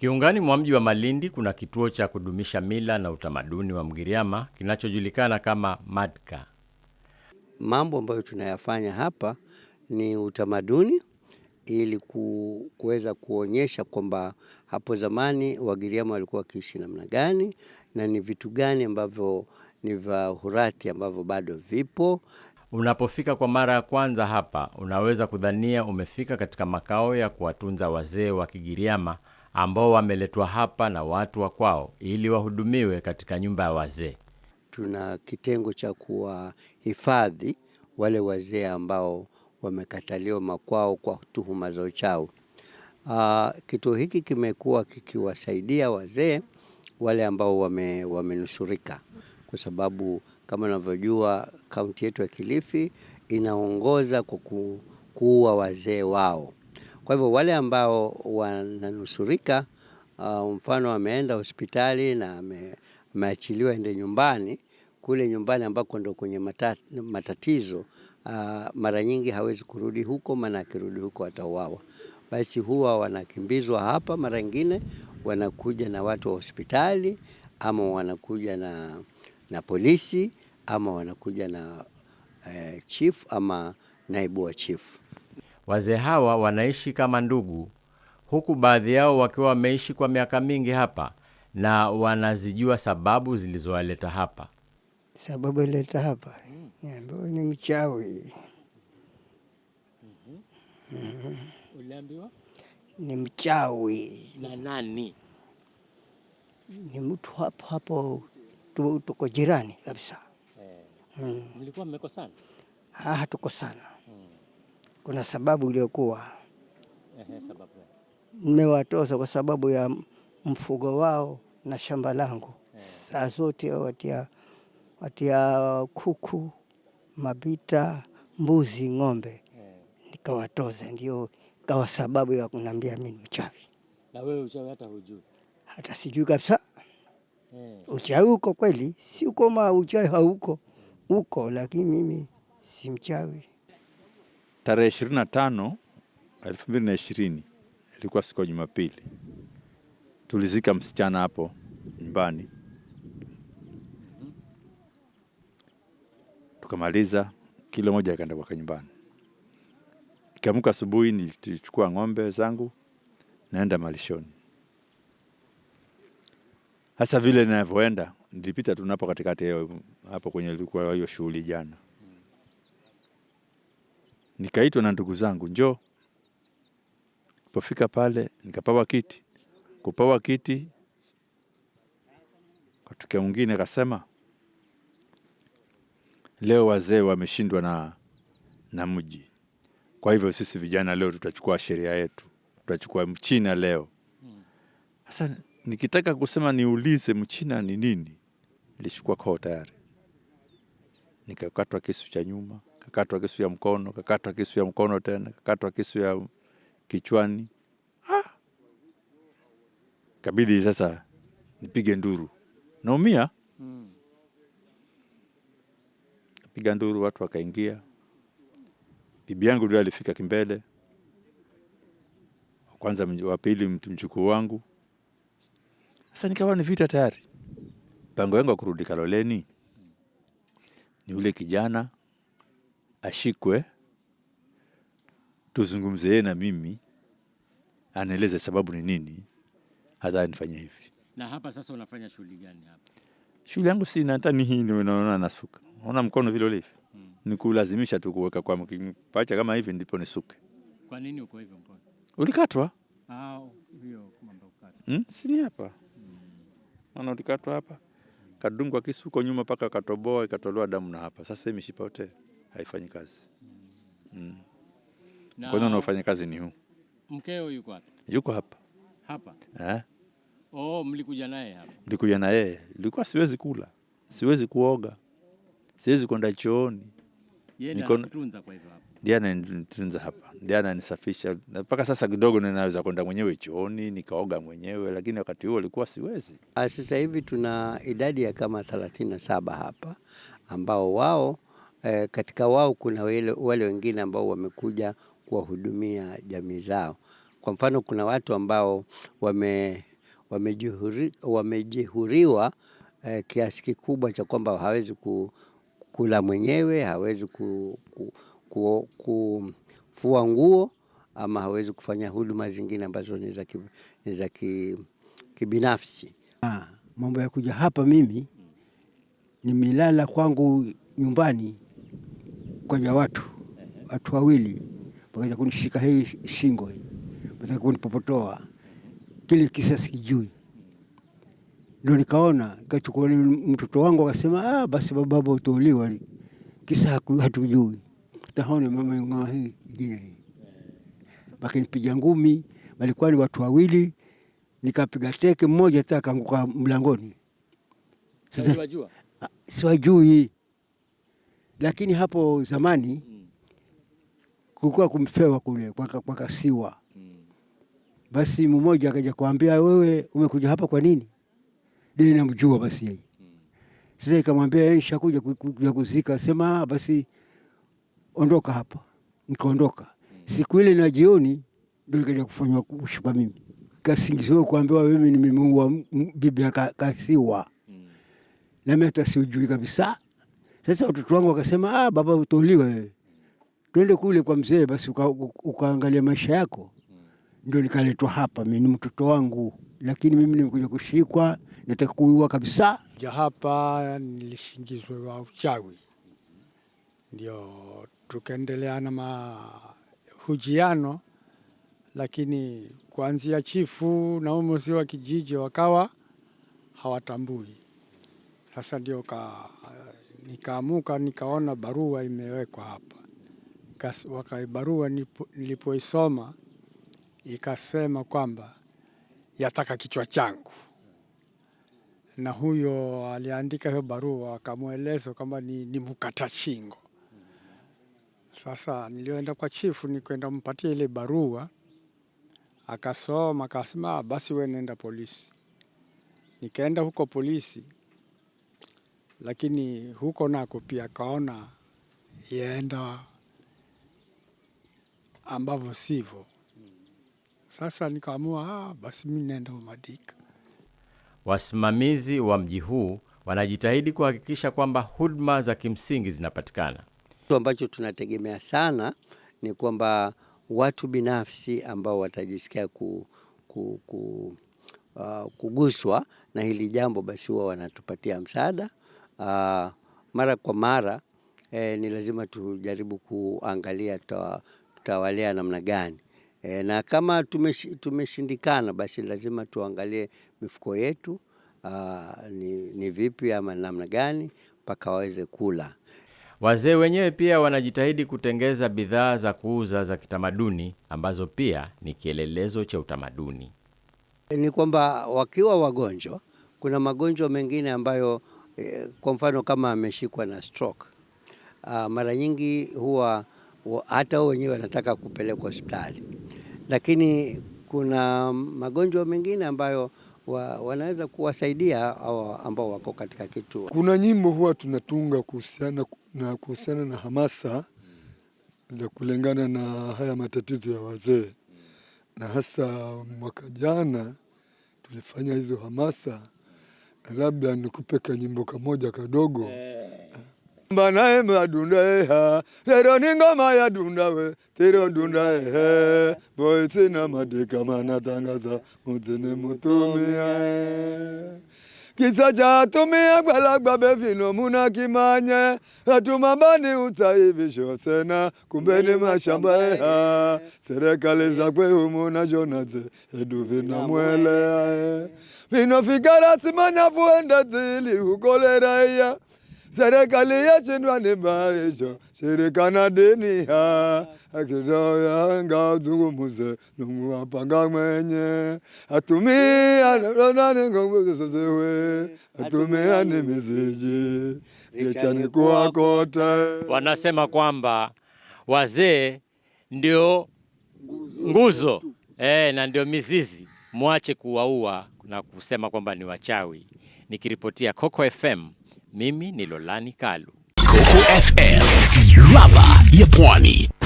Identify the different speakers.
Speaker 1: Kiungani mwa mji wa Malindi kuna kituo cha kudumisha mila na utamaduni wa Mgiriama kinachojulikana kama Madka.
Speaker 2: Mambo ambayo tunayafanya hapa ni utamaduni ili kuweza kuonyesha kwamba hapo zamani Wagiriama walikuwa wakiishi namna gani na ni vitu gani ambavyo ni vya hurati ambavyo bado vipo.
Speaker 1: Unapofika kwa mara ya kwanza hapa, unaweza kudhania umefika katika makao ya kuwatunza wazee wa Kigiriama ambao wameletwa hapa na watu wa kwao ili wahudumiwe katika nyumba ya wazee.
Speaker 2: Tuna kitengo cha kuwahifadhi wale wazee ambao wamekataliwa makwao kwa tuhuma za uchawi. Ah, kituo hiki kimekuwa kikiwasaidia wazee wale ambao wame, wamenusurika kwa sababu kama unavyojua kaunti yetu ya Kilifi inaongoza kwa kuua wazee wao. Kwa hivyo wale ambao wananusurika uh, mfano ameenda hospitali na ameachiliwa ende nyumbani, kule nyumbani ambako ndo kwenye matatizo uh, mara nyingi hawezi kurudi huko, maana akirudi huko atauawa. Basi huwa wanakimbizwa hapa, mara nyingine wanakuja na watu wa hospitali ama wanakuja na, na polisi ama wanakuja na eh, chief ama naibu wa chief.
Speaker 1: Wazee hawa wanaishi kama ndugu, huku baadhi yao wakiwa wameishi kwa miaka mingi hapa na wanazijua sababu zilizowaleta hapa.
Speaker 3: Sababu ileta hapa mm-hmm. ambayo ni mchawi. Mm-hmm. Uliambiwa ni mchawi
Speaker 4: na nani?
Speaker 3: Ni mtu hapo hapo tu, tuko jirani kabisa. Eh.
Speaker 4: Mm. Mlikuwa mmekosana?
Speaker 3: Ah, tuko sana kuna sababu iliyokuwa nimewatoza kwa sababu ya mfugo wao na shamba langu. Saa zote watia, watia kuku, mabita, mbuzi, ng'ombe nikawatoza, ndio kawa sababu ya kuniambia mimi ni mchawi.
Speaker 4: Na wewe uchawi hata hujui?
Speaker 3: Hata sijui kabisa. Uchawi uko kweli, si uko ma uchawi hauko uko, lakini mimi si mchawi.
Speaker 5: Tarehe ishirini na tano elfu mbili na ishirini ilikuwa siku ya Jumapili, tulizika msichana hapo nyumbani, tukamaliza kilo moja, akaenda kwake nyumbani. Ikiamka asubuhi, nilichukua ng'ombe zangu naenda malishoni. Hasa vile ninavyoenda, nilipita tu napo katikati hapo kwenye ilikuwa hiyo shughuli jana. Nikaitwa na ndugu zangu njoo. Pofika pale nikapawa kiti, kupawa kiti katukia mwingine akasema, leo wazee wameshindwa na, na mji, kwa hivyo sisi vijana leo tutachukua sheria yetu, tutachukua mchina leo. Sasa nikitaka kusema niulize mchina ni nini, nilishukua koo tayari, nikakatwa kisu cha nyuma kakatwa kisu ya mkono, kakatwa kisu ya mkono tena, kakatwa kisu ya kichwani. Ah, kabidi sasa nipige nduru, naumia Piga nduru, watu wakaingia. Bibi yangu ndio alifika kimbele kwanza, wa pili mtu mjukuu wangu. Sasa nikawa ni vita tayari, mpango wangu wa kurudi Kaloleni ni ule kijana ashikwe, tuzungumze na mimi, anaeleza sababu ni nini hata nifanye hivi.
Speaker 4: Na hapa sasa unafanya shughuli gani hapa?
Speaker 5: Shughuli yangu sina hata ni hii, ndio naona nasuka. Unaona mkono vile ulivyo. Hmm. Ni kulazimisha tu kuweka kwa pacha kama hivi ndipo nisuke.
Speaker 4: Kwa nini uko hivyo mkono? Ulikatwa? Ah, hiyo mambo ukata.
Speaker 5: Hmm? Si ni hapa. Maana hmm. ulikatwa hapa. Kadungwa kisuko nyuma paka katoboa ikatolewa damu na hapa. Sasa imeshipa yote haifanyi kazi mm. Mkono unaofanya kazi ni huu.
Speaker 4: Mkeo yuko wapi? yuko hapa hapa eh? Oh, mlikuja naye hapa?
Speaker 5: Nilikuja na yeye, nilikuwa siwezi kula, siwezi kuoga, siwezi kwenda chooni. Ndiye ananitunza hapa, ndiye ananisafisha mpaka sasa. Kidogo ninaweza kwenda mwenyewe chooni nikaoga mwenyewe, lakini wakati huo alikuwa siwezi.
Speaker 2: Ah, sasa hivi tuna idadi ya kama thelathini na saba hapa ambao wao eh, katika wao kuna wale, wale wengine ambao wamekuja kuwahudumia jamii zao. Kwa mfano kuna watu ambao wame, wamejihuri, wamejihuriwa eh, kiasi kikubwa cha kwamba hawezi ku, kula mwenyewe, hawezi ku, ku, ku, kufua nguo ama hawezi kufanya huduma zingine ambazo ni za ki, kibinafsi.
Speaker 3: Ah, mambo ya kuja hapa mimi nimelala kwangu nyumbani kwenye watu watu wawili, wakaweza kunishika hii shingo hii, wakaweza kunipopotoa kile kisa sikijui, ndio nikaona, nikachukua mtoto wangu akasema, ah, basi baba utauliwa, kisa hatujui tahoni mama ng'oa hii ingine hii, wakinipiga ngumi, walikuwa ni watu wawili, nikapiga teke, mmoja hata akaanguka mlangoni.
Speaker 4: Sasa ah,
Speaker 3: siwajui lakini hapo zamani kulikuwa kumfewa kule kwa kasiwa. Basi mmoja akaja kuambia, wewe umekuja hapa kwa nini? Ndiye namjua basi yeye. Sasa ikamwambia yeye shakuja kuja kuzika, sema ah, basi ondoka hapa. Nikaondoka siku ile na jioni ndio ikaja kufanywa kushuka mimi, kasingiziwa kuambiwa mimi nimemuua bibi ya kasiwa, mimi mm. hata sijui kabisa. Sasa watoto wangu wakasema, ah, baba utoliwe, twende kule kwa mzee basi uka, ukaangalia maisha yako. Ndio nikaletwa hapa, mimi ni mtoto wangu, lakini mimi nimekuja kushikwa, nataka kuua kabisa.
Speaker 6: Ja hapa nilishingizwa wa uchawi, ndio tukaendelea na mahujiano lakini kuanzia chifu na umuzi wa kijiji wakawa hawatambui. Sasa ndio ka nikaamuka nikaona barua imewekwa hapa. Waka barua nilipoisoma ikasema kwamba yataka kichwa changu, na huyo aliandika hiyo barua akamweleza kwamba ni, ni mkata shingo. Sasa nilioenda kwa chifu kwenda mpatie ile barua, akasoma akasema ah, basi, we nenda polisi. Nikaenda huko polisi lakini huko nako pia kaona yaenda ambavyo sivyo. Sasa nikaamua ah, basi mi naenda Umadika.
Speaker 1: Wasimamizi wa mji huu wanajitahidi kuhakikisha kwamba huduma za kimsingi zinapatikana.
Speaker 2: Kitu ambacho tunategemea sana ni kwamba watu binafsi ambao watajisikia ku, ku, ku, uh, kuguswa na hili jambo, basi huwa wanatupatia msaada uh, mara kwa mara eh, ni lazima tujaribu kuangalia tutawalea namna gani eh, na kama tumeshindikana basi lazima tuangalie mifuko yetu uh, ni, ni vipi ama namna gani mpaka waweze kula.
Speaker 1: Wazee wenyewe pia wanajitahidi kutengeza bidhaa za kuuza za kitamaduni ambazo pia ni kielelezo cha utamaduni.
Speaker 2: Ni kwamba wakiwa wagonjwa, kuna magonjwa mengine ambayo Eh, kwa mfano kama ameshikwa na stroke uh, mara nyingi huwa hata wenyewe wanataka kupelekwa hospitali, lakini kuna magonjwa mengine ambayo wa, wanaweza kuwasaidia ambao wako katika kituo.
Speaker 7: Kuna nyimbo huwa tunatunga kuhusiana na, kuhusiana na hamasa za kulingana na haya matatizo ya wazee, na hasa mwaka jana tulifanya hizo hamasa labda nikupeka nyimbo kamoja kadogo eh. banae madunda eha lero ni ngoma ya dunda we tero dunda ehe voisi na madika manatangaza mutini mutumia Kisacha atumia agbalagba vino muna kimanye atumabani utaivisho sena kumbeni mashamba eha serikali za kweu muna jonaze
Speaker 1: edu vina mwelea eh. vino fikara simanya vuenda zili hukolera iya Serikali yashindwa ni maisha, shirika na dini ha akitoyanga zungumuze numuwapanga mwenye atumia nanani ngomuzesezewe atumia ni miziji lichani kuwa kote. Wanasema kwamba wazee ndio nguzo eh, na ndio mizizi. Mwache kuwaua na kusema kwamba ni wachawi. Nikiripotia Coco FM. Mimi ni Lolani Kalu, Coco FM, ladha ya Pwani.